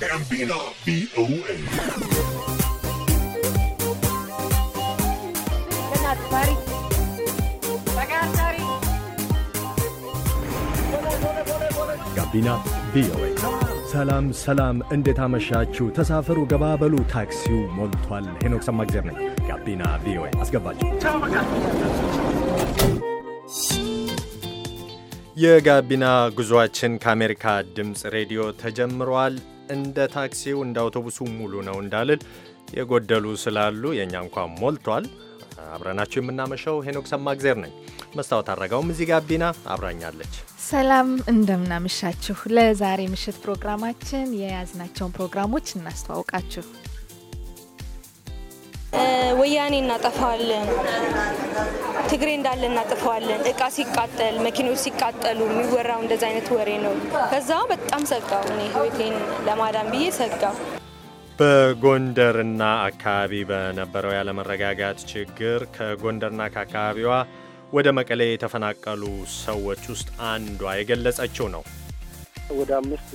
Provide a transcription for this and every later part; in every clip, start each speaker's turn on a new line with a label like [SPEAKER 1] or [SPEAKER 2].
[SPEAKER 1] ጋቢና ቪኦኤ ጋቢና ቪኦኤ። ሰላም ሰላም፣ እንዴት አመሻችሁ? ተሳፈሩ፣ ገባበሉ፣ ታክሲው ሞልቷል። ሄኖክ ሰማግዜር ነኝ። ጋቢና ቪኦኤ አስገባችሁ። የጋቢና ጉዞአችን ከአሜሪካ ድምፅ ሬዲዮ ተጀምሯል። እንደ ታክሲው እንደ አውቶቡሱ ሙሉ ነው እንዳልል የጎደሉ ስላሉ የእኛ እንኳን ሞልቷል። አብረናችሁ የምናመሸው ሄኖክ ሰማግዜር ነኝ። መስታወት አረጋውም እዚህ ጋቢና አብራኛለች።
[SPEAKER 2] ሰላም እንደምናመሻችሁ። ለዛሬ ምሽት ፕሮግራማችን የያዝናቸውን ፕሮግራሞች እናስተዋውቃችሁ።
[SPEAKER 3] ወያኔ እናጠፋዋለን፣ ትግሬ እንዳለ እናጠፋዋለን፣ እቃ ሲቃጠል፣ መኪኖች ሲቃጠሉ የሚወራው እንደዚ አይነት ወሬ ነው። ከዛ በጣም ሰጋው፣ እኔ ህይወቴን ለማዳን ብዬ ሰጋው።
[SPEAKER 1] በጎንደርና አካባቢ በነበረው ያለመረጋጋት ችግር ከጎንደርና ከአካባቢዋ ወደ መቀሌ የተፈናቀሉ ሰዎች ውስጥ አንዷ የገለጸችው ነው።
[SPEAKER 4] ወደ አምስት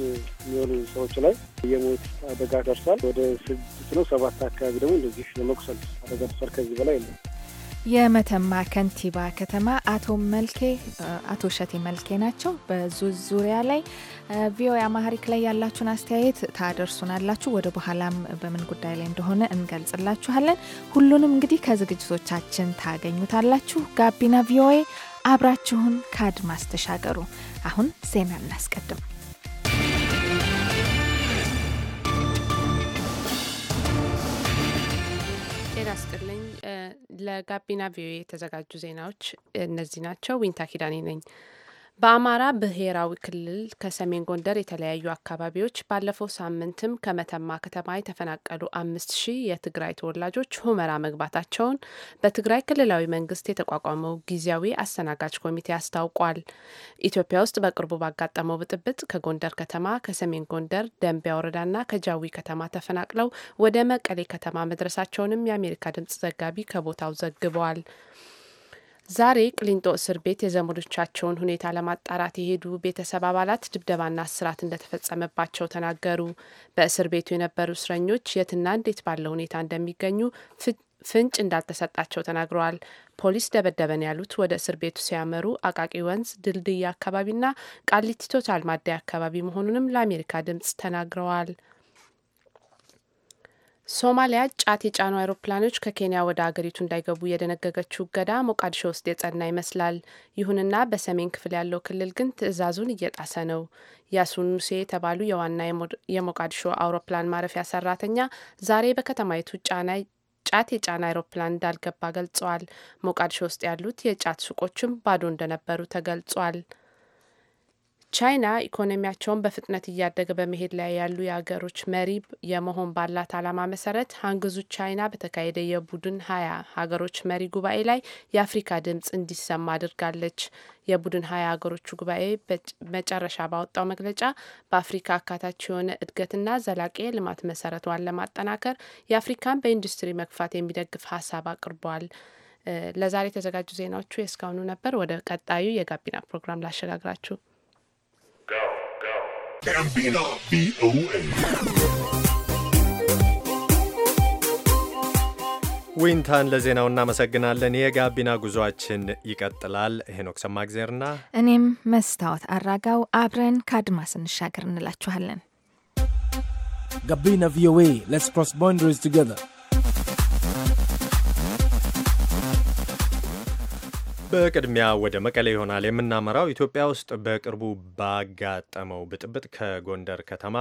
[SPEAKER 4] የሚሆኑ ሰዎች ላይ የሞት አደጋ ደርሷል። ወደ ስድስት ነው ሰባት አካባቢ ደግሞ እንደዚህ የመቁሰል አደጋ ደርሷል። ከዚህ በላይ የለም።
[SPEAKER 2] የመተማ ከንቲባ ከተማ አቶ መልኬ አቶ ሸቴ መልኬ ናቸው። በዙ ዙሪያ ላይ ቪኦኤ አማሪክ ላይ ያላችሁን አስተያየት ታደርሱናላችሁ። ወደ በኋላም በምን ጉዳይ ላይ እንደሆነ እንገልጽላችኋለን። ሁሉንም እንግዲህ ከዝግጅቶቻችን ታገኙታላችሁ። ጋቢና ቪኦኤ አብራችሁን ከአድማስ ተሻገሩ። አሁን ዜና እናስቀድም።
[SPEAKER 5] ለጋቢና ቪኦኤ የተዘጋጁ ዜናዎች እነዚህ ናቸው። ዊንታ ኪዳኔ ነኝ። በአማራ ብሔራዊ ክልል ከሰሜን ጎንደር የተለያዩ አካባቢዎች ባለፈው ሳምንትም ከመተማ ከተማ የተፈናቀሉ አምስት ሺህ የትግራይ ተወላጆች ሁመራ መግባታቸውን በትግራይ ክልላዊ መንግስት የተቋቋመው ጊዜያዊ አስተናጋጅ ኮሚቴ አስታውቋል። ኢትዮጵያ ውስጥ በቅርቡ ባጋጠመው ብጥብጥ ከጎንደር ከተማ፣ ከሰሜን ጎንደር ደንቢያ ወረዳና ከጃዊ ከተማ ተፈናቅለው ወደ መቀሌ ከተማ መድረሳቸውንም የአሜሪካ ድምጽ ዘጋቢ ከቦታው ዘግበዋል። ዛሬ ቅሊንጦ እስር ቤት የዘመዶቻቸውን ሁኔታ ለማጣራት የሄዱ ቤተሰብ አባላት ድብደባና እስራት እንደተፈጸመባቸው ተናገሩ። በእስር ቤቱ የነበሩ እስረኞች የትና እንዴት ባለ ሁኔታ እንደሚገኙ ፍንጭ እንዳልተሰጣቸው ተናግረዋል። ፖሊስ ደበደበን ያሉት ወደ እስር ቤቱ ሲያመሩ አቃቂ ወንዝ ድልድይ አካባቢና ቃሊቲ ቶታል ማደያ አካባቢ መሆኑንም ለአሜሪካ ድምጽ ተናግረዋል። ሶማሊያ ጫት የጫኑ አውሮፕላኖች ከኬንያ ወደ አገሪቱ እንዳይገቡ የደነገገችው እገዳ ሞቃዲሾ ውስጥ የጸና ይመስላል። ይሁንና በሰሜን ክፍል ያለው ክልል ግን ትዕዛዙን እየጣሰ ነው። ያሱን ሙሴ የተባሉ የዋና የሞቃዲሾ አውሮፕላን ማረፊያ ሰራተኛ ዛሬ በከተማይቱ ጫና ጫት የጫነ አይሮፕላን እንዳልገባ ገልጸዋል። ሞቃዲሾ ውስጥ ያሉት የጫት ሱቆችም ባዶ እንደነበሩ ተገልጿል። ቻይና ኢኮኖሚያቸውን በፍጥነት እያደገ በመሄድ ላይ ያሉ የሀገሮች መሪ የመሆን ባላት ዓላማ መሰረት ሀንግዙ ቻይና በተካሄደ የቡድን ሀያ ሀገሮች መሪ ጉባኤ ላይ የአፍሪካ ድምፅ እንዲሰማ አድርጋለች። የቡድን ሀያ ሀገሮቹ ጉባኤ መጨረሻ ባወጣው መግለጫ በአፍሪካ አካታች የሆነ እድገትና ዘላቂ ልማት መሰረቷን ለማጠናከር የአፍሪካን በኢንዱስትሪ መግፋት የሚደግፍ ሀሳብ አቅርቧል። ለዛሬ የተዘጋጁ ዜናዎቹ የእስካሁኑ ነበር። ወደ ቀጣዩ የጋቢና ፕሮግራም ላሸጋግራችሁ።
[SPEAKER 1] ጋቢና VOA. ዊንታን ለዜናው እናመሰግናለን። የጋቢና ጉዟችን ይቀጥላል። ሄኖክ ሰማግዜርና
[SPEAKER 2] እኔም መስታወት አራጋው አብረን ከአድማስ እንሻገር እንላችኋለን።
[SPEAKER 1] ጋቢና ቪኦኤ ሌትስ ክሮስ ቦንደሪስ ቱጌዘር በቅድሚያ ወደ መቀሌ ይሆናል የምናመራው። ኢትዮጵያ ውስጥ በቅርቡ ባጋጠመው ብጥብጥ ከጎንደር ከተማ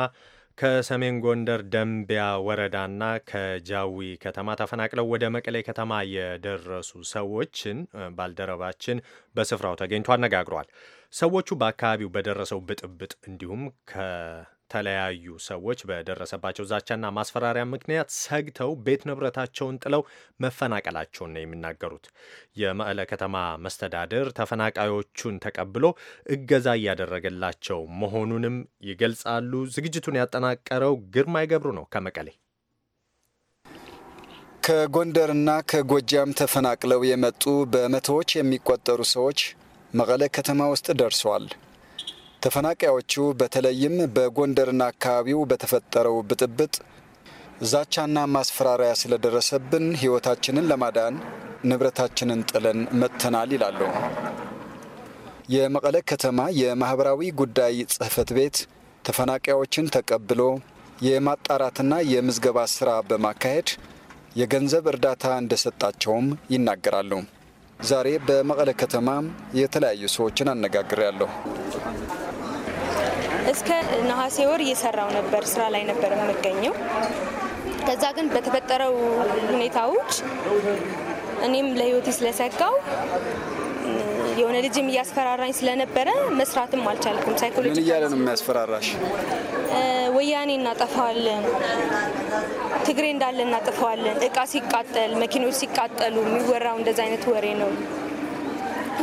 [SPEAKER 1] ከሰሜን ጎንደር ደንቢያ ወረዳና ከጃዊ ከተማ ተፈናቅለው ወደ መቀሌ ከተማ የደረሱ ሰዎችን ባልደረባችን በስፍራው ተገኝቶ አነጋግሯል። ሰዎቹ በአካባቢው በደረሰው ብጥብጥ እንዲሁም የተለያዩ ሰዎች በደረሰባቸው ዛቻና ማስፈራሪያ ምክንያት ሰግተው ቤት ንብረታቸውን ጥለው መፈናቀላቸውን ነው የሚናገሩት። የመቀለ ከተማ መስተዳድር ተፈናቃዮቹን ተቀብሎ እገዛ እያደረገላቸው መሆኑንም ይገልጻሉ። ዝግጅቱን ያጠናቀረው ግርማይ ገብሩ ነው ከመቀሌ።
[SPEAKER 6] ከጎንደርና ከጎጃም ተፈናቅለው የመጡ በመቶዎች የሚቆጠሩ ሰዎች መቀለ ከተማ ውስጥ ደርሰዋል። ተፈናቃዮቹ በተለይም በጎንደርና አካባቢው በተፈጠረው ብጥብጥ ዛቻና ማስፈራሪያ ስለደረሰብን ሕይወታችንን ለማዳን ንብረታችንን ጥለን መጥተናል ይላሉ። የመቀለ ከተማ የማህበራዊ ጉዳይ ጽህፈት ቤት ተፈናቃዮችን ተቀብሎ የማጣራትና የምዝገባ ስራ በማካሄድ የገንዘብ እርዳታ እንደሰጣቸውም ይናገራሉ። ዛሬ በመቀለ ከተማ የተለያዩ ሰዎችን ያለሁ።
[SPEAKER 3] እስከ ነሐሴ ወር እየሰራው ነበር፣ ስራ ላይ ነበር የምገኘው። ከዛ ግን በተፈጠረው ሁኔታዎች እኔም ለህይወቴ ስለሰጋው የሆነ ልጅም እያስፈራራኝ ስለነበረ መስራትም አልቻልኩም። ሳይኮሎጂ እያለ
[SPEAKER 6] ነው የሚያስፈራራሽ?
[SPEAKER 3] ወያኔ እናጠፋዋለን፣ ትግሬ እንዳለ እናጠፋዋለን፣ እቃ ሲቃጠል፣ መኪኖች ሲቃጠሉ የሚወራው እንደዚ አይነት ወሬ ነው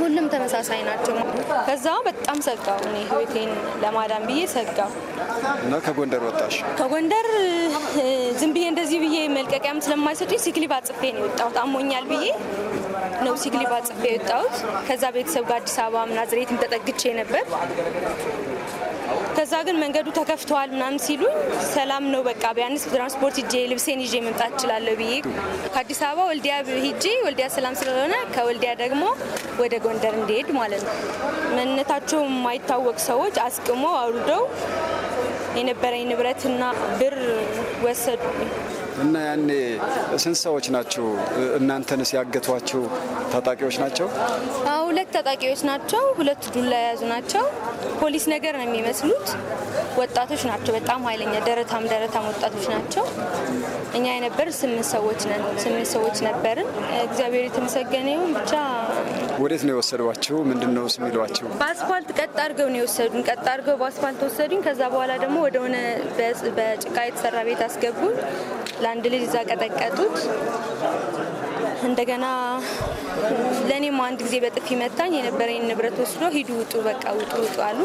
[SPEAKER 3] ሁሉም ተመሳሳይ ናቸው። ከዛ በጣም ሰጋው እኔ ህይወቴን ለማዳን ብዬ ሰጋው
[SPEAKER 6] እና ከጎንደር ወጣሽ?
[SPEAKER 3] ከጎንደር ዝም ብዬ እንደዚህ ብዬ መልቀቂያም ስለማይሰጡኝ ሲክሊባ ጽፌ ነው የወጣሁት። አሞኛል ብዬ ነው ሲክሊባ ጽፌ የወጣሁት። ከዛ ቤተሰብ ጋር አዲስ አበባ ናዝሬትም ተጠግቼ ነበር ከዛ ግን መንገዱ ተከፍተዋል ምናምን ሲሉኝ ሰላም ነው በቃ ቢያንስ ትራንስፖርት ይዤ ልብሴን ይዤ መምጣት እችላለሁ ብዬ ከአዲስ አበባ ወልዲያ ሂጄ ወልዲያ ሰላም ስለሆነ ከወልዲያ ደግሞ ወደ ጎንደር እንዲሄድ ማለት ነው። ማንነታቸው የማይታወቅ ሰዎች አስቅሞ አውርደው የነበረኝ ንብረትና ብር ወሰዱ።
[SPEAKER 6] እና ያኔ ስንት ሰዎች ናቸው እናንተንስ ያገቷቸው? ታጣቂዎች ናቸው?
[SPEAKER 3] ሁለት ታጣቂዎች ናቸው። ሁለት ዱላ የያዙ ናቸው። ፖሊስ ነገር ነው የሚመስሉት ወጣቶች ናቸው። በጣም ኃይለኛ ደረታም ደረታም ወጣቶች ናቸው። እኛ የነበር ስምንት ሰዎች ነን። ስምንት ሰዎች ነበርን። እግዚአብሔር የተመሰገነ ይሁን። ብቻ
[SPEAKER 6] ወዴት ነው የወሰዷቸው? ምንድን ነው የሚሏቸው?
[SPEAKER 3] በአስፋልት ቀጥ አድርገው ነው የወሰዱን። ቀጥ አድርገው በአስፋልት ወሰዱኝ። ከዛ በኋላ ደግሞ ወደሆነ በጭቃ የተሰራ ቤት አስገቡን። ለአንድ ልጅ እዛ ቀጠቀጡት። እንደገና ለእኔም አንድ ጊዜ በጥፊ መታኝ። የነበረኝ ንብረት ወስዶ ሂዱ፣ ውጡ፣ በቃ ውጡ፣ ውጡ አሉ።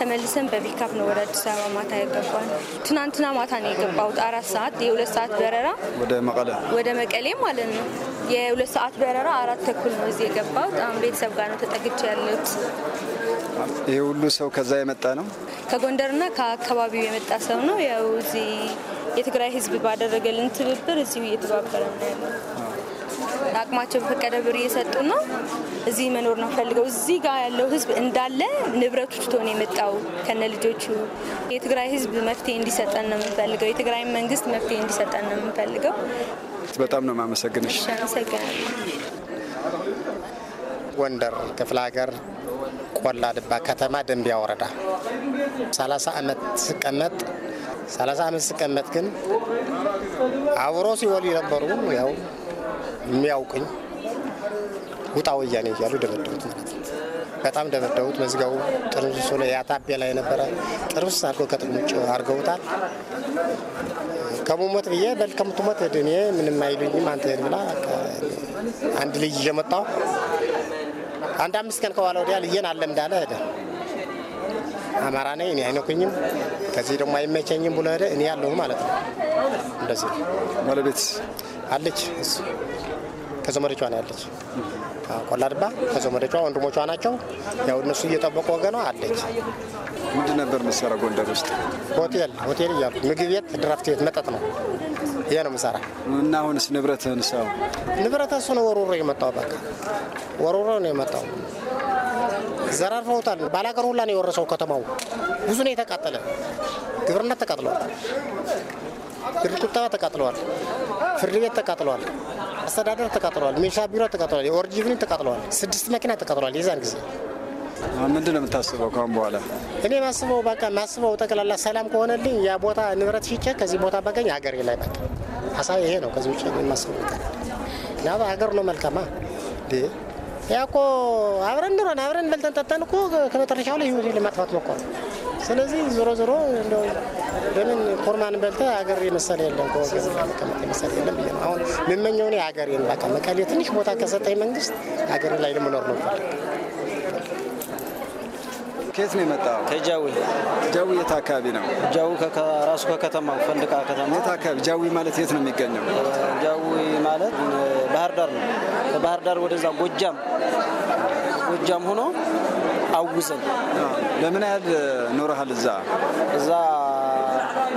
[SPEAKER 3] ተመልሰን በፒካፕ ነው ወደ አዲስ አበባ ማታ የገባን። ትናንትና ማታ ነው የገባሁት አራት ሰዓት የሁለት ሰዓት በረራ ወደ መቀሌ ማለት ነው። የሁለት ሰዓት በረራ አራት ተኩል ነው እዚህ የገባሁት። አሁን ቤተሰብ ጋር ነው ተጠግቼ ያለሁት።
[SPEAKER 6] ይህ ሁሉ ሰው ከዛ የመጣ ነው።
[SPEAKER 3] ከጎንደርና ከአካባቢው የመጣ ሰው ነው። ያው እዚህ የትግራይ ህዝብ ባደረገልን ትብብር እዚሁ እየተባበረ ነው ያለው። አቅማቸው በፈቀደ ብር እየሰጡ ነው። እዚህ መኖር ነው ፈልገው። እዚህ ጋር ያለው ህዝብ እንዳለ ንብረቱ ትቶ ነው የመጣው ከነ ልጆቹ። የትግራይ ህዝብ መፍትሄ እንዲሰጠን ነው የምንፈልገው። የትግራይ መንግስት መፍትሄ እንዲሰጠን ነው የምንፈልገው።
[SPEAKER 7] በጣም ነው የማመሰግንሽ።
[SPEAKER 3] አመሰግናለሁ።
[SPEAKER 7] ጎንደር ክፍለ ሀገር ቆላ ድባ ከተማ ደንቢያ ወረዳ 30 ዓመት ስቀመጥ 30 ዓመት ስቀመጥ ግን
[SPEAKER 8] አብሮ ሲወሉ የነበሩ ያው
[SPEAKER 7] የሚያውቅኝ ውጣ ወያኔ እያሉ ደበደቡት ማለት ነው። በጣም ደበደቡት። መዝገቡ ጥርምሱ ላይ ያታቤ ላይ ነበረ ጥርስ አድርገው ከጥቅም ውጭ አድርገውታል። ከሙሞት ብዬ በል ከምትሞት እኔ ምንም አይሉኝም አንተ ብላ አንድ ልጅ እየመጣው አንድ አምስት ቀን ከኋላ ወዲያ ልየን አለ እንዳለ ሄደ። አማራ ነኝ እኔ አይነኩኝም ከዚህ ደግሞ አይመቸኝም ብሎ ሄደ። እኔ ያለሁ ማለት ነው። እንደዚህ ባለቤት አለች ከዘመዶቿ ነው ያለች። ቆላድባ ከዘመዶቿ ወንድሞቿ ናቸው። ያው እነሱ እየጠበቁ ወገኗ አለች። ምንድን ነበር የምትሰራው ጎንደር ውስጥ? ሆቴል ሆቴል እያልኩ ምግብ ቤት፣ ድራፍት ቤት፣ መጠጥ ነው። ይሄ ነው የምሰራ። እና አሁንስ ንብረትህን ሰው ንብረት እሱ ነው ወሮሮ የመጣው በቃ ወሮሮ ነው የመጣው። ዘራርፈውታል። ባላገር ሁላ ነው የወረሰው። ከተማው ብዙ ነው የተቃጠለ። ግብርነት ተቃጥለዋል፣ ብድር ቁጠባ ተቃጥለዋል፣ ፍርድ ቤት ተቃጥለዋል፣ አስተዳደር ተቃጥለዋል፣ ሚሊሻ ቢሮ ተቃጥለዋል፣ የኦርጂቪኒ ተቃጥለዋል፣ ስድስት መኪና ተቃጥለዋል የዛን ጊዜ ምንድን ነው የምታስበው ከአሁን በኋላ? እኔ ማስበው በቃ ማስበው ጠቅላላ ሰላም ከሆነልኝ ያ ቦታ ንብረት ሽጬ ከዚህ ቦታ በገኝ ሀገሬ ላይ በቃ ሀሳብ ይሄ ነው። ከዚህ ውጭ ማስበው ና ሀገር ነው መልካማ ያ እኮ አብረን ኑረን አብረን በልተን ጠጠን እኮ ከመጨረሻው ላይ ህይወት ለማጥፋት ነው ስለዚህ ዞሮ ዞሮ እንደው ለምን ኮርማን በልተ አገር የመሰለ የለም ከወገን መቀመጥ የመሰለ የለም ብዬ ነው አሁን የምመኘው እኔ ሀገሬን በቃ መቀሌ ትንሽ ቦታ ከሰጠኝ መንግስት ሀገሬ ላይ ለመኖር ነው ፈልግ ከየት ነው
[SPEAKER 8] የመጣው? ከጃዊ። ጃዊ የት አካባቢ ነው? ጃዊ ራሱ ከከተማው ፈንድቃ ከተማ። የት አካባቢ ጃዊ ማለት የት ነው የሚገኘው? ጃዊ ማለት ባህር ዳር ነው። ከባህር ዳር ወደዛ ጎጃም ጎጃም ሆኖ አውዘን። ለምን ያህል ኖረሃል እዛ? እዛ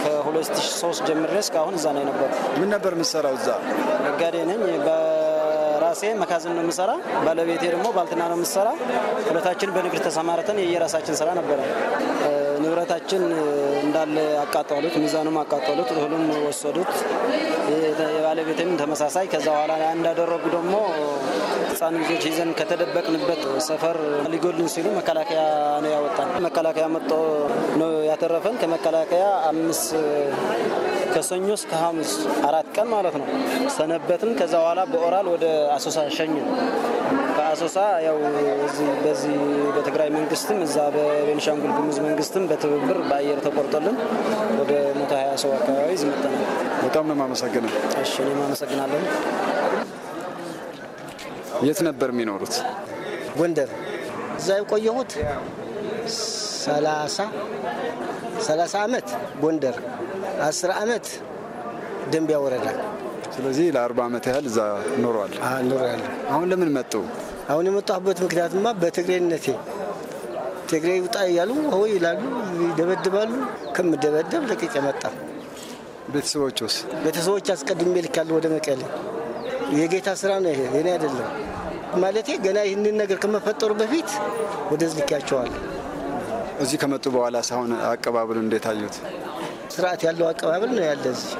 [SPEAKER 8] ከ2003 ጀምሬ እስካሁን እዛ ነው የነበረው። ምን ነበር የምትሰራው እዛ? ነጋዴ ነኝ። ራሴ መካዝን ነው የምሰራ፣ ባለቤቴ ደግሞ ባልትና ነው የምሰራ። ሁለታችን በንግድ ተሰማርተን የየራሳችን ስራ ነበረ። ንብረታችን እንዳለ አቃጠሉት፣ ሚዛኑም አቃጠሉት፣ እህሉም ወሰዱት። የባለቤቴም ተመሳሳይ። ከዛ በኋላ እንዳደረጉ ደግሞ ህፃን ልጆች ይዘን ከተደበቅንበት ሰፈር ሊጎልን ሲሉ መከላከያ ነው ያወጣን። መከላከያ መጥቶ ነው ያተረፈን። ከመከላከያ አምስት ከሰኞ እስከ ሐሙስ አራት ቀን ማለት ነው። ሰነበትን። ከዛ በኋላ በኦራል ወደ አሶሳ ሸኝ ከአሶሳ ያው በዚህ በትግራይ መንግስትም እዛ በቤንሻንጉል ጉሙዝ መንግስትም በትብብር በአየር ተቆርጦልን ወደ መቶ ሀያ ሰው አካባቢ ዝመጠናል። በጣም ነው የማመሰግነው። እሺ እኔም አመሰግናለሁ።
[SPEAKER 6] የት ነበር የሚኖሩት?
[SPEAKER 8] ጎንደር። እዛ የቆየሁት ሰላሳ ሰላሳ አመት ጎንደር አስር ዓመት ደንቢያ ወረዳ። ስለዚህ ለአርባ ዓመት ያህል እዛ ኖረዋል ኖረዋል። አሁን ለምን መጡ? አሁን የመጣሁበት ምክንያትማ በትግሬነቴ ትግሬ ውጣ እያሉ ሆ ይላሉ፣ ይደበድባሉ። ከምደበደብ ለቅቄ መጣ። ቤተሰቦች ውስ ቤተሰቦች አስቀድሜ ልካለሁ ወደ መቀሌ። የጌታ ስራ ነው ይሄ፣ የኔ አይደለም ማለቴ። ገና ይህንን ነገር ከመፈጠሩ በፊት ወደዚህ ልኪያቸዋል። እዚህ ከመጡ በኋላ ሳሁን አቀባበሉ እንዴት አዩት? ስርዓት ያለው አቀባበል ነው ያለ እዚህ።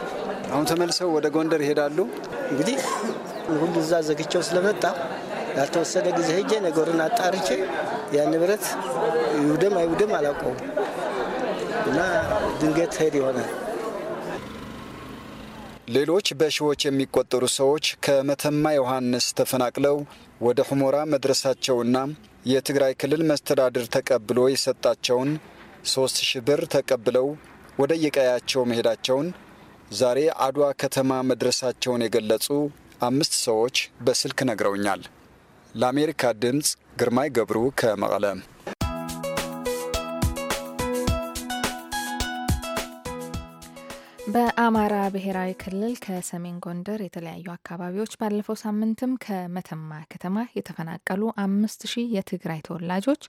[SPEAKER 8] አሁን ተመልሰው ወደ ጎንደር ይሄዳሉ። እንግዲህ ሁሉ እዛ ዘግቼው ስለመጣ ያልተወሰደ ጊዜ ሄጄ ነገሩን አጣርቼ ያን ንብረት ይውደም አይውደም አላውቀውም እና ድንገት ሄድ ይሆናል። ሌሎች
[SPEAKER 6] በሺዎች የሚቆጠሩ ሰዎች ከመተማ ዮሐንስ ተፈናቅለው ወደ ሁሞራ መድረሳቸውና የትግራይ ክልል መስተዳድር ተቀብሎ የሰጣቸውን ሶስት ሺህ ብር ተቀብለው ወደ የቀያቸው መሄዳቸውን ዛሬ አድዋ ከተማ መድረሳቸውን የገለጹ አምስት ሰዎች በስልክ ነግረውኛል። ለአሜሪካ ድምፅ ግርማይ ገብሩ ከመቀለ።
[SPEAKER 2] በአማራ ብሔራዊ ክልል ከሰሜን ጎንደር የተለያዩ አካባቢዎች ባለፈው ሳምንትም ከመተማ ከተማ የተፈናቀሉ አምስት ሺህ የትግራይ ተወላጆች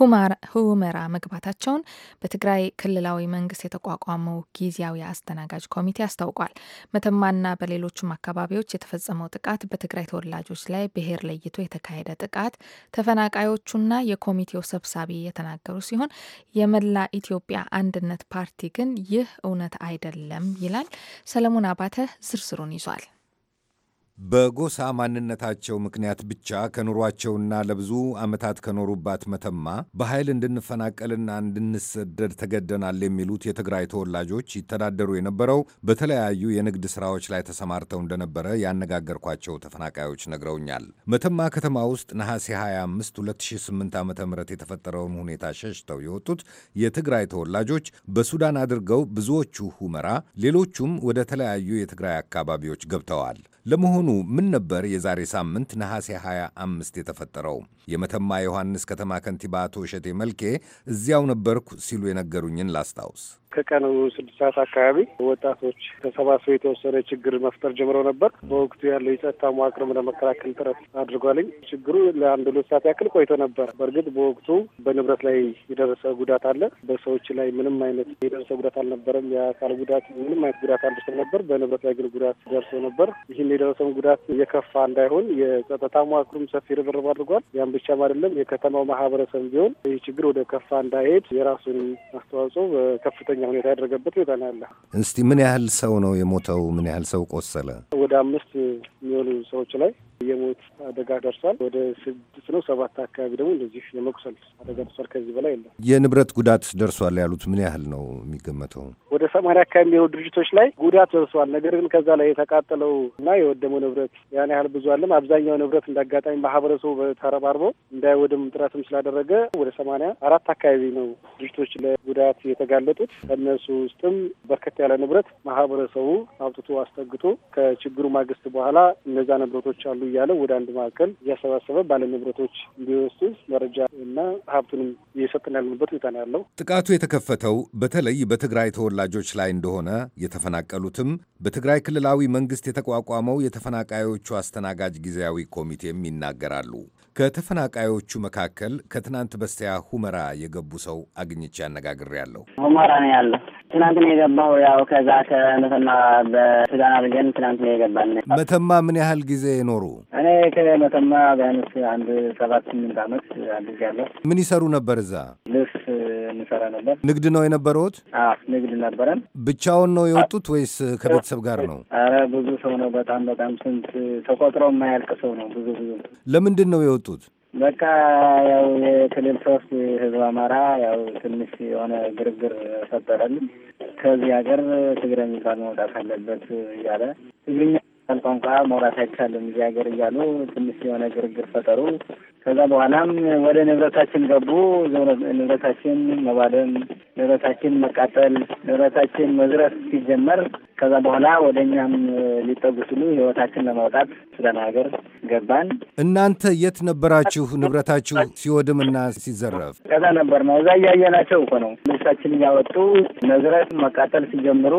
[SPEAKER 2] ሁመራ መግባታቸውን በትግራይ ክልላዊ መንግስት የተቋቋመው ጊዜያዊ አስተናጋጅ ኮሚቴ አስታውቋል። መተማና በሌሎችም አካባቢዎች የተፈጸመው ጥቃት በትግራይ ተወላጆች ላይ ብሔር ለይቶ የተካሄደ ጥቃት ተፈናቃዮቹና የኮሚቴው ሰብሳቢ የተናገሩ ሲሆን የመላ ኢትዮጵያ አንድነት ፓርቲ ግን ይህ እውነት አይደለም ይላል። ሰለሞን አባተ ዝርዝሩን ይዟል።
[SPEAKER 9] በጎሳ ማንነታቸው ምክንያት ብቻ ከኑሯቸውና ለብዙ ዓመታት ከኖሩባት መተማ በኃይል እንድንፈናቀልና እንድንሰደድ ተገደናል የሚሉት የትግራይ ተወላጆች ይተዳደሩ የነበረው በተለያዩ የንግድ ሥራዎች ላይ ተሰማርተው እንደነበረ ያነጋገርኳቸው ተፈናቃዮች ነግረውኛል። መተማ ከተማ ውስጥ ነሐሴ 25 2008 ዓ ም የተፈጠረውን ሁኔታ ሸሽተው የወጡት የትግራይ ተወላጆች በሱዳን አድርገው ብዙዎቹ ሁመራ፣ ሌሎቹም ወደ ተለያዩ የትግራይ አካባቢዎች ገብተዋል። ለመሆኑ ምን ነበር የዛሬ ሳምንት ነሐሴ 25 የተፈጠረው? የመተማ ዮሐንስ ከተማ ከንቲባ አቶ እሸቴ መልኬ እዚያው ነበርኩ ሲሉ የነገሩኝን ላስታውስ።
[SPEAKER 4] ከቀኑ ስድስት ሰዓት አካባቢ ወጣቶች ተሰባስበው የተወሰነ ችግር መፍጠር ጀምረው ነበር። በወቅቱ ያለው የጸጥታ መዋቅርም ለመከላከል ጥረት አድርጓልኝ። ችግሩ ለአንድ ሁለት ሰዓት ያክል ቆይቶ ነበር። በእርግጥ በወቅቱ በንብረት ላይ የደረሰ ጉዳት አለ። በሰዎች ላይ ምንም አይነት የደረሰ ጉዳት አልነበረም። የአካል ጉዳት ምንም አይነት ጉዳት አልደረሰም ነበር። በንብረት ላይ ግን ጉዳት ደርሶ ነበር። ይህን የደረሰውን ጉዳት የከፋ እንዳይሆን የጸጥታ መዋቅሩም ሰፊ ርብርብ አድርጓል። ያም ብቻም አይደለም የከተማው ማህበረሰብ ቢሆን ይህ ችግር ወደ ከፋ እንዳይሄድ የራሱን አስተዋጽኦ በከፍተኛ ሁኔታ ያደረገበት ሁኔታ ነው ያለ።
[SPEAKER 9] እስቲ ምን ያህል ሰው ነው የሞተው? ምን ያህል ሰው ቆሰለ?
[SPEAKER 4] ወደ አምስት የሚሆኑ ሰዎች ላይ የሞት አደጋ ደርሷል። ወደ ስድስት ነው ሰባት አካባቢ ደግሞ እንደዚህ የመቁሰል አደጋ ደርሷል። ከዚህ በላይ የለም።
[SPEAKER 9] የንብረት ጉዳት ደርሷል ያሉት ምን ያህል ነው የሚገመተው?
[SPEAKER 4] ወደ ሰማንያ አካባቢ የሚሆኑ ድርጅቶች ላይ ጉዳት ደርሷል። ነገር ግን ከዛ ላይ የተቃጠለው እና የወደመው ንብረት ያን ያህል ብዙ አለም። አብዛኛው ንብረት እንዳጋጣሚ ማህበረሰቡ በተረባርበ እንዳይወድም ጥረትም ስላደረገ ወደ ሰማንያ አራት አካባቢ ነው ድርጅቶች ለጉዳት የተጋለጡት። ከእነሱ ውስጥም በርከት ያለ ንብረት ማህበረሰቡ አውጥቶ አስጠግቶ ከችግሩ ማግስት በኋላ እነዛ ንብረቶች አሉ እያለ ወደ አንድ ማዕከል እያሰባሰበ ባለንብረቶች እንዲወስዱ መረጃ እና ሀብቱንም እየሰጠን ያለንበት ሁኔታ ነው ያለው።
[SPEAKER 9] ጥቃቱ የተከፈተው በተለይ በትግራይ ተወላጆች ላይ እንደሆነ የተፈናቀሉትም በትግራይ ክልላዊ መንግስት የተቋቋመው የተፈናቃዮቹ አስተናጋጅ ጊዜያዊ ኮሚቴም ይናገራሉ። ከተፈናቃዮቹ መካከል ከትናንት በስቲያ ሁመራ የገቡ ሰው አግኝቼ አነጋግሬያለሁ።
[SPEAKER 10] ሁመራ ነው ያለው ትናንት ነው የገባው። ያው ከዛ ከመተማ በሱዳን አድርገን ትናንት ነው የገባን።
[SPEAKER 9] መተማ ምን ያህል ጊዜ ኖሩ?
[SPEAKER 10] እኔ ከመተማ ቢያንስ አንድ ሰባት ስምንት አመት አድርጋለሁ።
[SPEAKER 9] ምን ይሰሩ ነበር እዛ?
[SPEAKER 10] ልብስ እንሰራ ነበር።
[SPEAKER 9] ንግድ ነው የነበረውት?
[SPEAKER 10] ንግድ ነበረን።
[SPEAKER 9] ብቻውን ነው የወጡት ወይስ ከቤተሰብ ጋር ነው?
[SPEAKER 10] አረ ብዙ ሰው ነው። በጣም በጣም ስንት ተቆጥሮ የማያልቅ ሰው ነው። ብዙ ብዙ።
[SPEAKER 9] ለምንድን ነው የወጡት?
[SPEAKER 10] በቃ ያው የክልል ሶስት ህዝብ አማራ ያው ትንሽ የሆነ ግርግር ፈጠረልን። ከዚህ ሀገር ትግረ የሚባል መውጣት አለበት እያለ ትግርኛ ፈልጦ ቋንቋ መውራት አይቻልም እዚህ ሀገር እያሉ ትንሽ የሆነ ግርግር ፈጠሩ። ከዛ በኋላም ወደ ንብረታችን ገቡ። ንብረታችን መባደም፣ ንብረታችን መቃጠል፣ ንብረታችን መዝረፍ ሲጀመር ከዛ በኋላ ወደ እኛም ሊጠጉ ሲሉ ህይወታችን ለማውጣት ሱዳን ሀገር ገባን።
[SPEAKER 9] እናንተ የት ነበራችሁ? ንብረታችሁ ሲወድምና ሲዘረፍ
[SPEAKER 10] ከዛ ነበር ነው እዛ እያየናቸው እኮ ነው ልብሳችን እያወጡ መዝረፍ መቃጠል ሲጀምሩ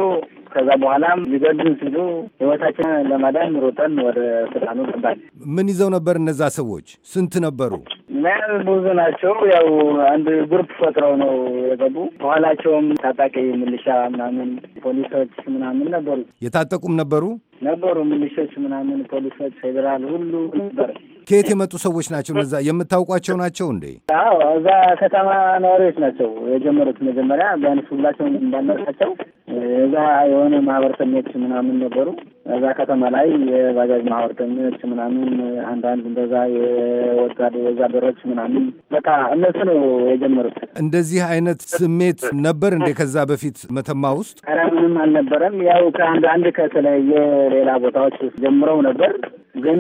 [SPEAKER 10] ከዛ በኋላም ሊገድሉን ሲሉ ህይወታችን ለማዳን ሮጠን ወደ ስልጣኑ ገባል።
[SPEAKER 9] ምን ይዘው ነበር እነዛ ሰዎች? ስንት ነበሩ?
[SPEAKER 10] ምን ብዙ ናቸው። ያው አንድ ግሩፕ ፈጥረው ነው የገቡ። በኋላቸውም ታጣቂ ሚሊሻ ምናምን ፖሊሶች ምናምን ነበሩ።
[SPEAKER 9] የታጠቁም ነበሩ
[SPEAKER 10] ነበሩ ሚሊሾች ምናምን ፖሊሶች፣ ፌዴራል ሁሉ ነበር።
[SPEAKER 9] ከየት የመጡ ሰዎች ናቸው? እነዛ የምታውቋቸው ናቸው እንዴ?
[SPEAKER 10] አዎ፣ እዛ ከተማ ነዋሪዎች ናቸው የጀመሩት። መጀመሪያ ቢያንስ ሁላቸውን እንዳናውቃቸው እዛ የሆነ ማህበርተኞች ምናምን ነበሩ እዛ ከተማ ላይ የባጃጅ ማህበርተኞች ምናምን፣ አንዳንድ እንደዛ ወዛደሮች ምናምን፣ በቃ እነሱ ነው የጀመሩት።
[SPEAKER 9] እንደዚህ አይነት ስሜት ነበር እንዴ ከዛ በፊት መተማ ውስጥ?
[SPEAKER 10] ኧረ ምንም አልነበረም። ያው ከአንዳንድ ከተለያየ ሌላ ቦታዎች ጀምረው ነበር፣ ግን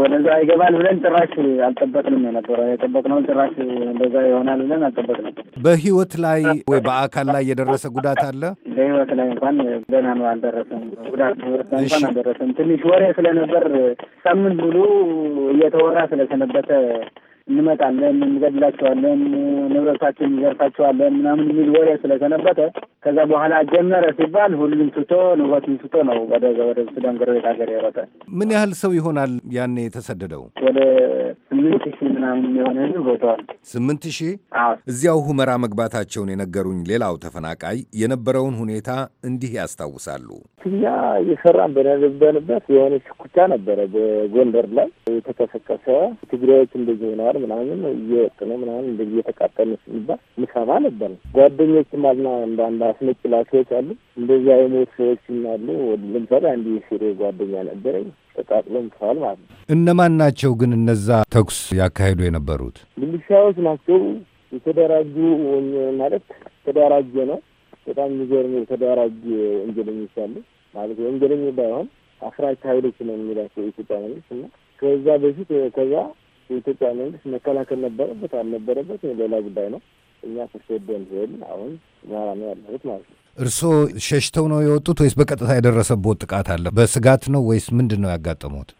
[SPEAKER 10] ወደዛ ይገባል ብለ ብለን ጭራሽ አልጠበቅንም የጠበቅነውን ጭራሽ እንደዛ ይሆናል ብለን አልጠበቅንም።
[SPEAKER 9] በህይወት ላይ ወይ በአካል ላይ የደረሰ ጉዳት አለ?
[SPEAKER 10] በህይወት ላይ እንኳን ገና ነው አልደረሰም። ጉዳት እንኳን አልደረሰም። ትንሽ ወሬ ስለነበር ሳምንት ሙሉ እየተወራ ስለሰነበተ እንመጣለን፣ እንገድላቸዋለን፣ ንብረታችን እንዘርፋቸዋለን ምናምን የሚል ወሬ ስለሰነበተ ከዛ በኋላ ጀመረ ሲባል ሁሉም ትቶ ንብረቱን ትቶ ነው ወደ ወደ ሱዳን ጎረቤት ሀገር የሮጠ።
[SPEAKER 9] ምን ያህል ሰው ይሆናል ያኔ የተሰደደው? ወደ ስምንት ሺህ ምናምን የሆነ ህዝብ ቦተዋል። ስምንት ሺህ እዚያው ሁመራ መግባታቸውን የነገሩኝ ሌላው ተፈናቃይ የነበረውን ሁኔታ እንዲህ ያስታውሳሉ።
[SPEAKER 11] እኛ እየሰራን በነበንበት የሆነ ሽኩቻ ነበረ በጎንደር ላይ የተቀሰቀሰ ትግራዮች እንደዚህ ሆነ ጋር ምናምን ነው ምናምን እንደ እየተቃጠልን ሲባል ምሰማ ነበር። ጓደኞች አልና አንዳንድ አስነጭላ ሰዎች አሉ፣ እንደዚያ የሞት ሰዎች አሉ። ለምሳሌ አንድ የሲሪ ጓደኛ ነበረኝ ተቃጥሎ ምሰዋል ማለት ነው።
[SPEAKER 9] እነማን ናቸው ግን እነዛ ተኩስ ያካሄዱ የነበሩት?
[SPEAKER 11] ሚሊሻዎች ናቸው። የተደራጁ ማለት ተደራጀ ነው። በጣም የሚገርም የተደራጀ ወንጀለኞች አሉ ማለት ወንጀለኞች ባይሆን አስራች ኃይሎች ነው የሚላቸው የኢትዮጵያ መንግስት እና ከዛ በፊት ከዛ የኢትዮጵያ መንግስት መከላከል ነበረበት አልነበረበት ሌላ ጉዳይ ነው። እኛ ፍርሴደን ሄድ አሁን ማራ ነው ያለሁት ማለት ነው።
[SPEAKER 9] እርስዎ ሸሽተው ነው የወጡት ወይስ በቀጥታ የደረሰቦት ጥቃት አለ? በስጋት ነው ወይስ ምንድን ነው ያጋጠመት?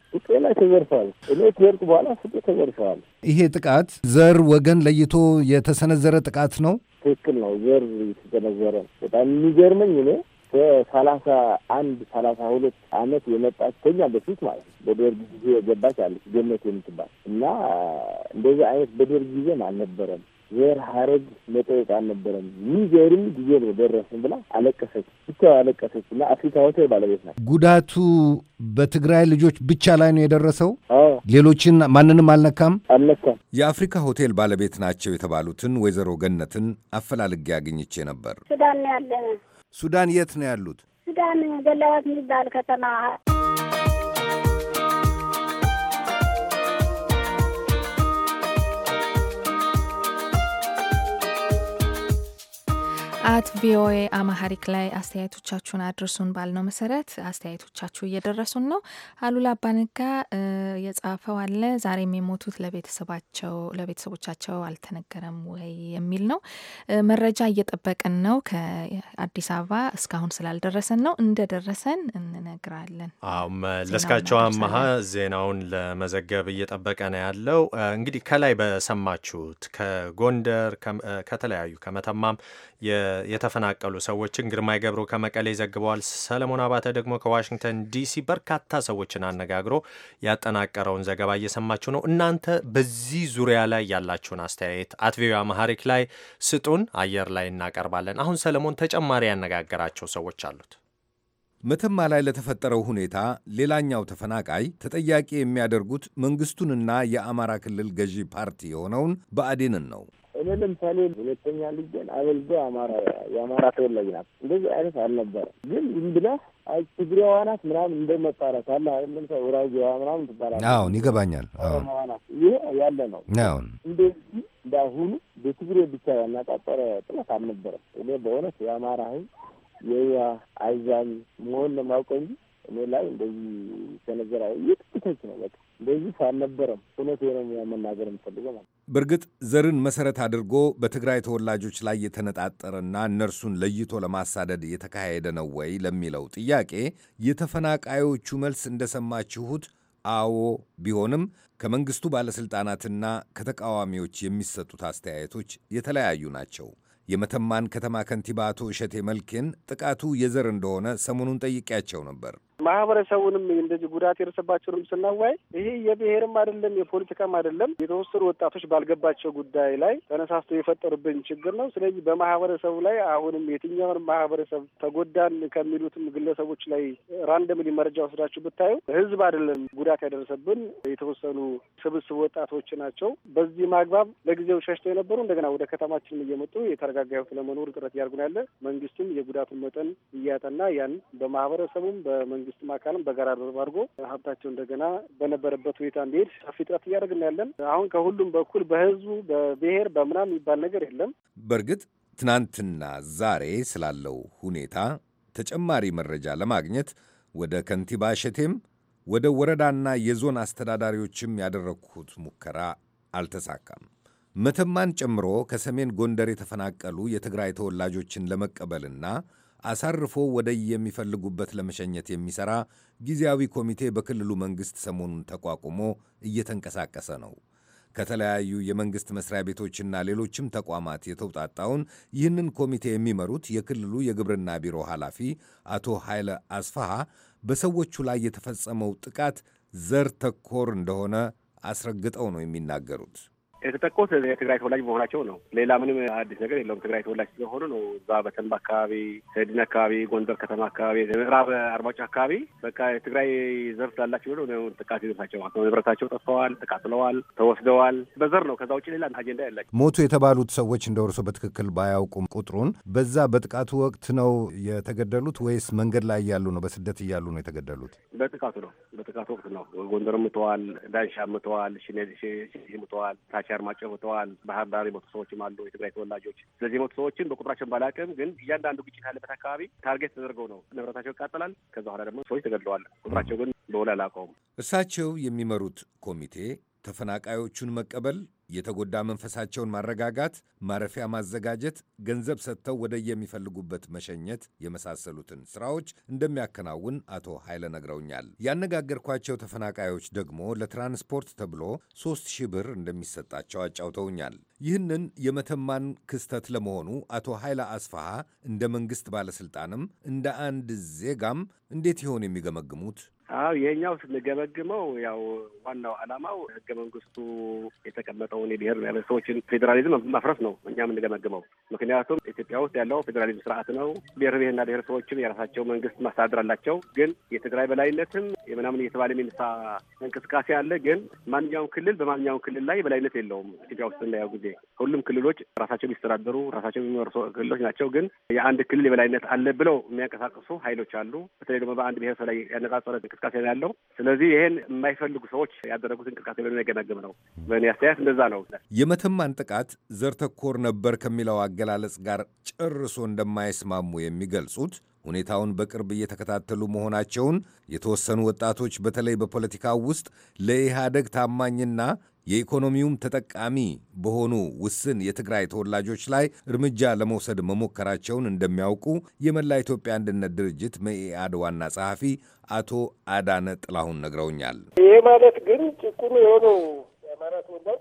[SPEAKER 11] ላይ ተዘርፈዋል። እኔ ትወርቅ በኋላ ሱቄ ተዘርፈዋል።
[SPEAKER 9] ይሄ ጥቃት ዘር ወገን ለይቶ የተሰነዘረ ጥቃት ነው።
[SPEAKER 11] ትክክል ነው። ዘር የተሰነዘረ በጣም የሚገርመኝ እኔ ከሰላሳ አንድ ሰላሳ ሁለት አመት የመጣች ከኛ በፊት ማለት ነው። በደርግ ጊዜ የገባች አለች ገነት የምትባል እና እንደዚህ አይነት በደርግ ጊዜም አልነበረም ዘር ሀረግ መጠየቅ አልነበረም። ሚገርም ጊዜ ነው ደረስን ብላ አለቀሰች። ብቻ አለቀሰች እና አፍሪካ ሆቴል ባለቤት ናት።
[SPEAKER 9] ጉዳቱ በትግራይ ልጆች ብቻ ላይ ነው የደረሰው። ሌሎችን ማንንም አልነካም አልነካም። የአፍሪካ ሆቴል ባለቤት ናቸው የተባሉትን ወይዘሮ ገነትን አፈላልጌ አግኝቼ ነበር። ሱዳን ያለ ሱዳን የት ነው ያሉት?
[SPEAKER 10] ሱዳን ገላባት የሚባል ከተማ
[SPEAKER 2] አት ቪኦኤ አማሐሪክ ላይ አስተያየቶቻችሁን አድርሱን ባልነው መሰረት አስተያየቶቻችሁ እየደረሱን ነው። አሉላ አባነጋ የጻፈው አለ። ዛሬም የሞቱት ለቤተሰባቸው ለቤተሰቦቻቸው አልተነገረም ወይ የሚል ነው። መረጃ እየጠበቅን ነው ከአዲስ አበባ እስካሁን ስላልደረሰን ነው። እንደደረሰን እንነግራለን።
[SPEAKER 1] አዎ መለስካቸው አመሀ ዜናውን ለመዘገብ እየጠበቀ ነው ያለው። እንግዲህ ከላይ በሰማችሁት ከጎንደር ከተለያዩ ከመተማም የተፈናቀሉ ሰዎችን ግርማይ ገብሮ ከመቀሌ ዘግበዋል። ሰለሞን አባተ ደግሞ ከዋሽንግተን ዲሲ በርካታ ሰዎችን አነጋግሮ ያጠናቀረውን ዘገባ እየሰማችሁ ነው። እናንተ በዚህ ዙሪያ ላይ ያላችሁን አስተያየት አትቪዮ አማሐሪክ ላይ ስጡን፣ አየር ላይ እናቀርባለን። አሁን ሰለሞን ተጨማሪ ያነጋገራቸው ሰዎች አሉት።
[SPEAKER 9] መተማ ላይ ለተፈጠረው ሁኔታ ሌላኛው ተፈናቃይ ተጠያቂ የሚያደርጉት መንግስቱንና የአማራ ክልል ገዢ ፓርቲ የሆነውን ብአዴንን ነው።
[SPEAKER 11] እኔ ለምሳሌ ሁለተኛ ልጄን አበልጎ አማራ የአማራ ተወላጅ ናት። እንደዚህ አይነት አልነበረ ግን ዝም ብለህ አይ ትግሬዋ ናት ምናምን እንደመጣራት አለ አይደለም ሰው ራዚዋ ምናምን ትባላለህ። አሁን ይገባኛል። ዋናት ይሄ ያለ ነው። አሁን እንደዚህ እንዳሁኑ በትግሬ ብቻ ያናጣጠረ ጥላት አልነበረም። እኔ በእውነት የአማራ ህዝብ የያ አዛኝ መሆን ለማውቀው እንጂ እኔ ላይ እንደዚህ ተነገራ የጥቂቶች ነው። በቃ እንደዚህ አልነበረም። እውነት ነው መናገር የምፈልገው ማለት
[SPEAKER 9] በእርግጥ ዘርን መሰረት አድርጎ በትግራይ ተወላጆች ላይ የተነጣጠረና እነርሱን ለይቶ ለማሳደድ የተካሄደ ነው ወይ ለሚለው ጥያቄ የተፈናቃዮቹ መልስ እንደሰማችሁት አዎ ቢሆንም ከመንግስቱ ባለሥልጣናትና ከተቃዋሚዎች የሚሰጡት አስተያየቶች የተለያዩ ናቸው። የመተማን ከተማ ከንቲባ አቶ እሸቴ መልኬን ጥቃቱ የዘር እንደሆነ ሰሞኑን ጠይቄያቸው ነበር።
[SPEAKER 4] ማህበረሰቡንም እንደዚህ ጉዳት የደረሰባቸውንም ስናዋይ ይሄ የብሔርም አይደለም የፖለቲካም አይደለም የተወሰኑ ወጣቶች ባልገባቸው ጉዳይ ላይ ተነሳስተው የፈጠሩብን ችግር ነው። ስለዚህ በማህበረሰቡ ላይ አሁንም የትኛውን ማህበረሰብ ተጎዳን ከሚሉትም ግለሰቦች ላይ ራንደምሊ መረጃ ወስዳችሁ ብታዩ ህዝብ አይደለም ጉዳት ያደረሰብን የተወሰኑ ስብስብ ወጣቶች ናቸው። በዚህ ማግባብ ለጊዜው ሸሽተው የነበሩ እንደገና ወደ ከተማችንም እየመጡ የተረጋጋ ህይወት ለመኖር ጥረት እያደረጉ ነው ያለ መንግስትም የጉዳቱን መጠን እያጠና ያን በማህበረሰቡም በመንግስት መንግስትም አካልም በጋራ አድርጎ ሀብታቸው እንደገና በነበረበት ሁኔታ እንዲሄድ ሰፊ ጥረት እያደረግን ያለን አሁን ከሁሉም በኩል በህዝቡ በብሔር በምናም የሚባል ነገር የለም።
[SPEAKER 9] በእርግጥ ትናንትና ዛሬ ስላለው ሁኔታ ተጨማሪ መረጃ ለማግኘት ወደ ከንቲባ ሸቴም ወደ ወረዳና የዞን አስተዳዳሪዎችም ያደረግኩት ሙከራ አልተሳካም። መተማን ጨምሮ ከሰሜን ጎንደር የተፈናቀሉ የትግራይ ተወላጆችን ለመቀበልና አሳርፎ ወደ የሚፈልጉበት ለመሸኘት የሚሠራ ጊዜያዊ ኮሚቴ በክልሉ መንግሥት ሰሞኑን ተቋቁሞ እየተንቀሳቀሰ ነው። ከተለያዩ የመንግሥት መስሪያ ቤቶችና ሌሎችም ተቋማት የተውጣጣውን ይህንን ኮሚቴ የሚመሩት የክልሉ የግብርና ቢሮ ኃላፊ አቶ ኃይለ አስፋሃ በሰዎቹ ላይ የተፈጸመው ጥቃት ዘር ተኮር እንደሆነ አስረግጠው ነው የሚናገሩት።
[SPEAKER 12] የተጠቁት የትግራይ ተወላጅ መሆናቸው ነው። ሌላ ምንም አዲስ ነገር የለውም። ትግራይ ተወላጅ ስለሆኑ ነው። እዛ በተንባ አካባቢ፣ ሰድን አካባቢ፣ ጎንደር ከተማ አካባቢ፣ ምዕራብ አርማጭ አካባቢ በቃ የትግራይ ዘር ስላላቸው ነው ጥቃት ይደርሳቸው ንብረታቸው ጠፍተዋል፣ ተቃጥለዋል፣ ተወስደዋል በዘር ነው። ከዛ ውጭ ሌላ አጀንዳ ያላቸው
[SPEAKER 9] ሞቱ የተባሉት ሰዎች እንደ እርሶ በትክክል ባያውቁም ቁጥሩን በዛ በጥቃቱ ወቅት ነው የተገደሉት ወይስ መንገድ ላይ እያሉ ነው በስደት እያሉ ነው የተገደሉት?
[SPEAKER 12] በጥቃቱ ነው። በጥቃቱ ወቅት ነው። ጎንደር ምተዋል፣ ዳንሻ ምተዋል፣ ሽኔ ምተዋል፣ ታች አርማጭሆ ጨውተዋል ባህር ዳር የሞቱ ሰዎችም አሉ፣ የትግራይ ተወላጆች። ስለዚህ የሞቱ ሰዎችን በቁጥራቸው ባላቅም፣ ግን እያንዳንዱ ግጭት ያለበት አካባቢ ታርጌት ተደርገው ነው ንብረታቸው ይቃጠላል። ከዛ በኋላ ደግሞ ሰዎች ተገድለዋል። ቁጥራቸው ግን በውል አላውቀውም።
[SPEAKER 9] እሳቸው የሚመሩት ኮሚቴ ተፈናቃዮቹን መቀበል የተጎዳ መንፈሳቸውን ማረጋጋት፣ ማረፊያ ማዘጋጀት፣ ገንዘብ ሰጥተው ወደ የሚፈልጉበት መሸኘት የመሳሰሉትን ስራዎች እንደሚያከናውን አቶ ኃይለ ነግረውኛል። ያነጋገርኳቸው ተፈናቃዮች ደግሞ ለትራንስፖርት ተብሎ ሦስት ሺህ ብር እንደሚሰጣቸው አጫውተውኛል። ይህንን የመተማን ክስተት ለመሆኑ አቶ ኃይለ አስፋሃ እንደ መንግሥት ባለሥልጣንም እንደ አንድ ዜጋም እንዴት ይሆን የሚገመግሙት?
[SPEAKER 12] አዎ ይሄኛው ስንገመግመው ያው ዋናው አላማው ህገ መንግስቱ የተቀመጠውን የብሔር ብሔረሰቦችን ፌዴራሊዝም መፍረስ ነው። እኛ የምንገመግመው ምክንያቱም ኢትዮጵያ ውስጥ ያለው ፌዴራሊዝም ስርዓት ነው። ብሔር ብሔርና ብሔረሰቦችም የራሳቸው መንግስት ማስተዳደር አላቸው። ግን የትግራይ በላይነትም የምናምን እየተባለ የሚነሳ እንቅስቃሴ አለ። ግን ማንኛውም ክልል በማንኛውም ክልል ላይ በላይነት የለውም። ኢትዮጵያ ውስጥ እናየው ጊዜ ሁሉም ክልሎች ራሳቸው የሚስተዳደሩ ራሳቸው የሚመሩ ክልሎች ናቸው። ግን የአንድ ክልል የበላይነት አለ ብለው የሚያንቀሳቅሱ ሀይሎች አሉ። በተለይ ደግሞ በአንድ ብሔረሰብ ላይ ያነጻጸረ እንቅስቃሴ ያለው። ስለዚህ ይሄን የማይፈልጉ ሰዎች ያደረጉት እንቅስቃሴ በሚያገናግም ነው። በእኔ አስተያየት እንደዛ ነው።
[SPEAKER 9] የመተማን ጥቃት ዘር ተኮር ነበር ከሚለው አገላለጽ ጋር ጨርሶ እንደማይስማሙ የሚገልጹት ሁኔታውን በቅርብ እየተከታተሉ መሆናቸውን የተወሰኑ ወጣቶች በተለይ በፖለቲካው ውስጥ ለኢህአደግ ታማኝና የኢኮኖሚውም ተጠቃሚ በሆኑ ውስን የትግራይ ተወላጆች ላይ እርምጃ ለመውሰድ መሞከራቸውን እንደሚያውቁ የመላ ኢትዮጵያ አንድነት ድርጅት መኢአድ ዋና ጸሐፊ አቶ አዳነ ጥላሁን ነግረውኛል። ይህ ማለት ግን ጭቁኑ የሆነው
[SPEAKER 13] የአማራ ተወላጅ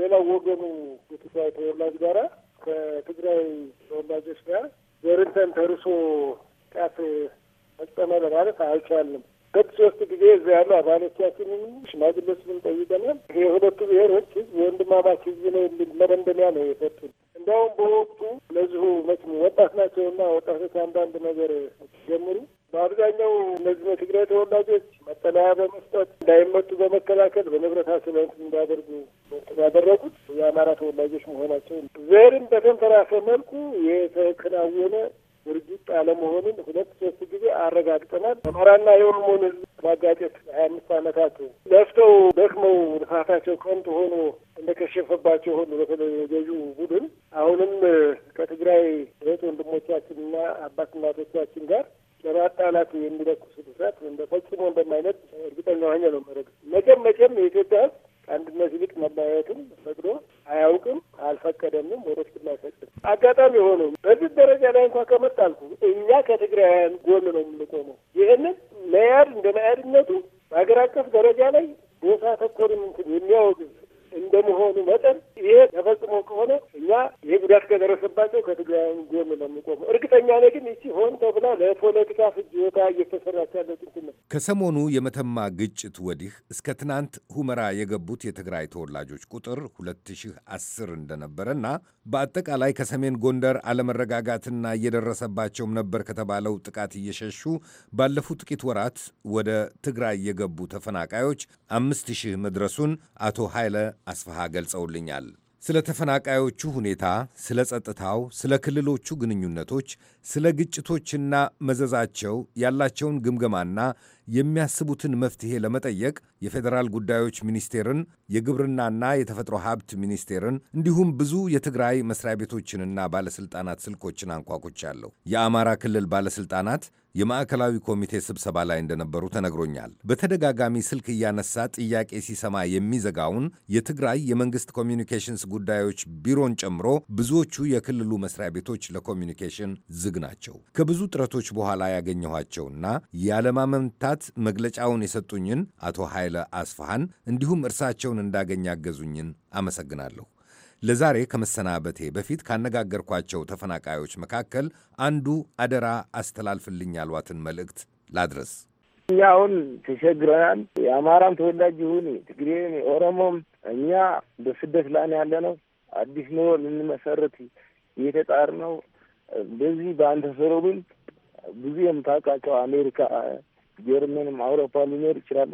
[SPEAKER 13] ሌላው ወገኑ የትግራይ ተወላጅ ጋር ከትግራይ ተወላጆች ጋር ዘርን ተርሶ ቃት መጠመለ ማለት አይቻልም። ሁለት ሶስት ጊዜ እዛ ያሉ አባሎቻችንን ሽማግሌዎችንም ጠይቀናል። የሁለቱ ብሔሮች ህዝብ ወንድማማች ህዝብ ነው የሚል መደምደሚያ ነው የሰጡን። እንዲያውም በወቅቱ ለዚሁ መቼም ወጣት ናቸውና ወጣቶች አንዳንድ ነገር ሲጀምሩ በአብዛኛው እነዚህ የትግራይ ተወላጆች መጠለያ በመስጠት እንዳይመጡ በመከላከል በንብረት አስለት እንዳደርጉ ያደረጉት የአማራ ተወላጆች መሆናቸው ዘርን በተንፈራፈ መልኩ የተከናወነ ድርጅት አለመሆኑን ሁለት ሶስት ጊዜ አረጋግጠናል። አማራና የኦሮሞን ሕዝብ ማጋጨት ሀያ አምስት ዓመታት ለፍተው ደክመው ልፋታቸው ከንቱ ሆኖ እንደከሸፈባቸው ሆኑ በተለይ ገዢው ቡድን አሁንም ከትግራይ እህት ወንድሞቻችንና አባት እናቶቻችን ጋር ለማጣላት የሚለኩሱት እሳት ፈጽሞ እንደማይነት እርግጠኛ ሆኜ ነው መረግ መቼም መቼም የኢትዮጵያ ህዝብ ከአንድነት ይልቅ መለያየትን ፈቅዶ አያውቅም፣ አልፈቀደምም፣ ወደፊት አይፈቅድም። አጋጣሚ የሆነ በዚህ ደረጃ ላይ እንኳ ከመጣልኩ እኛ ከትግራውያን ጎን ነው የምንቆመው። ይህንን መያድ እንደ መያድነቱ በሀገር አቀፍ ደረጃ ላይ ቦታ ተኮር እንትን የሚያወግዝ እንደመሆኑ መጠን ይሄ ተፈጽሞ ከሆነ እኛ ይሄ ጉዳት ከደረሰባቸው ከትግራይ ጎን ነው የምንቆመው። እርግጠኛ ነኝ ግን ይቺ ሆን ተብላ ለፖለቲካ ፍጆታ እየተሰራች ያለች ጭንት ነው።
[SPEAKER 9] ከሰሞኑ የመተማ ግጭት ወዲህ እስከ ትናንት ሁመራ የገቡት የትግራይ ተወላጆች ቁጥር ሁለት ሺህ አስር እንደነበረና በአጠቃላይ ከሰሜን ጎንደር አለመረጋጋትና እየደረሰባቸውም ነበር ከተባለው ጥቃት እየሸሹ ባለፉት ጥቂት ወራት ወደ ትግራይ የገቡ ተፈናቃዮች አምስት ሺህ መድረሱን አቶ ኃይለ አስፋሃ ገልጸውልኛል። ስለ ተፈናቃዮቹ ሁኔታ፣ ስለ ጸጥታው፣ ስለ ክልሎቹ ግንኙነቶች፣ ስለ ግጭቶችና መዘዛቸው ያላቸውን ግምገማና የሚያስቡትን መፍትሄ ለመጠየቅ የፌዴራል ጉዳዮች ሚኒስቴርን፣ የግብርናና የተፈጥሮ ሀብት ሚኒስቴርን እንዲሁም ብዙ የትግራይ መስሪያ ቤቶችንና ባለሥልጣናት ስልኮችን አንኳኩቻለሁ። የአማራ ክልል ባለሥልጣናት የማዕከላዊ ኮሚቴ ስብሰባ ላይ እንደነበሩ ተነግሮኛል። በተደጋጋሚ ስልክ እያነሳ ጥያቄ ሲሰማ የሚዘጋውን የትግራይ የመንግስት ኮሚኒኬሽንስ ጉዳዮች ቢሮን ጨምሮ ብዙዎቹ የክልሉ መስሪያ ቤቶች ለኮሚኒኬሽን ዝግ ናቸው። ከብዙ ጥረቶች በኋላ ያገኘኋቸውና ያለማመንታ ሰዓት መግለጫውን የሰጡኝን አቶ ኃይለ አስፋሃን እንዲሁም እርሳቸውን እንዳገኝ ያገዙኝን አመሰግናለሁ። ለዛሬ ከመሰናበቴ በፊት ካነጋገርኳቸው ተፈናቃዮች መካከል አንዱ አደራ አስተላልፍልኝ ያሏትን መልእክት ላድረስ።
[SPEAKER 10] እኛ አሁን ተቸግረናል።
[SPEAKER 11] የአማራም ተወላጅ ይሁን ትግሬም፣ ኦሮሞም እኛ በስደት ላይ ያለ ነው። አዲስ ኑሮ ልንመሰረት እየተጣር ነው። በዚህ በአንተ ሰሮብን ብዙ የምታውቃቸው አሜሪካ ጀርመንም አውሮፓ ሊኖር ይችላሉ።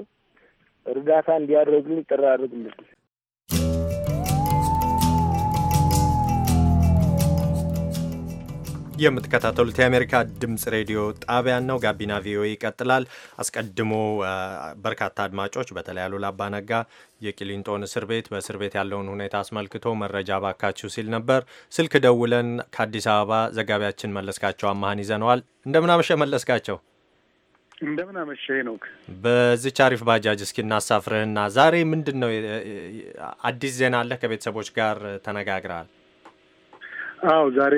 [SPEAKER 11] እርዳታ እንዲያደርግልን ጥሪ
[SPEAKER 1] የምትከታተሉት የአሜሪካ ድምጽ ሬዲዮ ጣቢያን ነው። ጋቢና ቪኦኤ ይቀጥላል። አስቀድሞ በርካታ አድማጮች በተለይ አሉላ አባነጋ የቂሊንጦን እስር ቤት በእስር ቤት ያለውን ሁኔታ አስመልክቶ መረጃ ባካችሁ ሲል ነበር። ስልክ ደውለን ከአዲስ አበባ ዘጋቢያችን መለስካቸው አማህን ይዘነዋል። እንደምናመሸ መለስካቸው
[SPEAKER 14] እንደምን አመሸ ነው።
[SPEAKER 1] በዚች አሪፍ ባጃጅ እስኪ እናሳፍርህና ዛሬ ምንድን ነው አዲስ ዜና አለህ? ከቤተሰቦች ጋር ተነጋግረሃል?
[SPEAKER 14] አዎ ዛሬ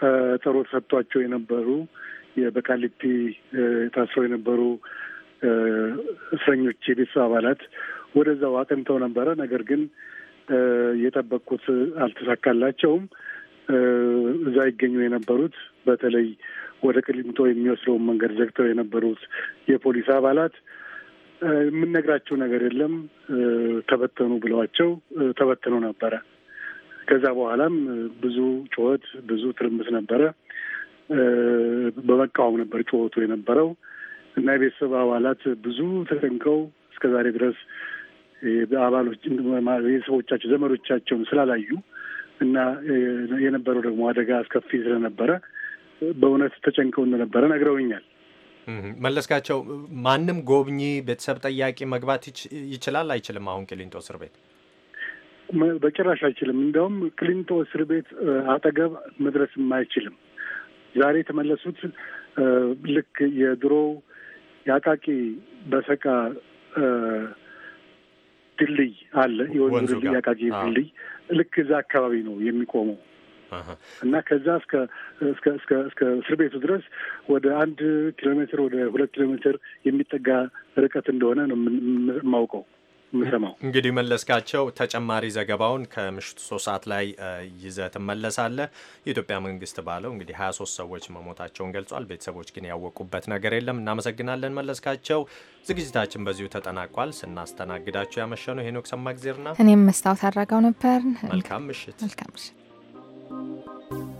[SPEAKER 14] ቀጠሮ ተሰጥቷቸው የነበሩ በቃሊቲ ታስረው የነበሩ እስረኞች የቤተሰብ አባላት ወደዛው አቅንተው ነበረ። ነገር ግን የጠበቁት አልተሳካላቸውም። እዛ ይገኙ የነበሩት በተለይ ወደ ቅሊንጦ የሚወስደውን መንገድ ዘግተው የነበሩት የፖሊስ አባላት የምነግራቸው ነገር የለም ተበተኑ ብለዋቸው ተበተኑ ነበረ። ከዛ በኋላም ብዙ ጩኸት፣ ብዙ ትርምስ ነበረ። በመቃወም ነበር ጩኸቱ የነበረው እና የቤተሰብ አባላት ብዙ ተጠንቀው እስከዛሬ ድረስ አባሎች ቤተሰቦቻቸው ዘመዶቻቸውን ስላላዩ እና የነበረው ደግሞ አደጋ አስከፊ ስለነበረ በእውነት ተጨንቀው እንደነበረ ነግረውኛል።
[SPEAKER 1] መለስካቸው፣ ማንም ጎብኚ ቤተሰብ ጠያቂ መግባት ይችላል አይችልም? አሁን ቅሊንቶ እስር ቤት
[SPEAKER 14] በጭራሽ አይችልም። እንደውም ቅሊንቶ እስር ቤት አጠገብ መድረስም አይችልም። ዛሬ የተመለሱት ልክ የድሮው የአቃቂ በሰቃ ድልድይ አለ፣ የወንዝ ድልድይ፣ አቃቂ ድልድይ ልክ እዛ አካባቢ ነው የሚቆመው እና ከዛ እስከ እስከ እስከ እስር ቤቱ ድረስ ወደ አንድ ኪሎ ሜትር ወደ ሁለት ኪሎ ሜትር የሚጠጋ ርቀት እንደሆነ ነው የማውቀው። የምሰማው።
[SPEAKER 1] እንግዲህ መለስካቸው፣ ተጨማሪ ዘገባውን ከምሽቱ ሶስት ሰዓት ላይ ይዘህ ትመለሳለህ። የኢትዮጵያ መንግስት ባለው እንግዲህ ሀያ ሶስት ሰዎች መሞታቸውን ገልጿል። ቤተሰቦች ግን ያወቁበት ነገር የለም። እናመሰግናለን መለስካቸው። ዝግጅታችን በዚሁ ተጠናቋል። ስናስተናግዳቸው ያመሸ ነው ሄኖክ ሰማግዜርና እኔም
[SPEAKER 2] መስታወት አድረጋው ነበር።
[SPEAKER 1] መልካም ምሽት።
[SPEAKER 2] መልካም ምሽት።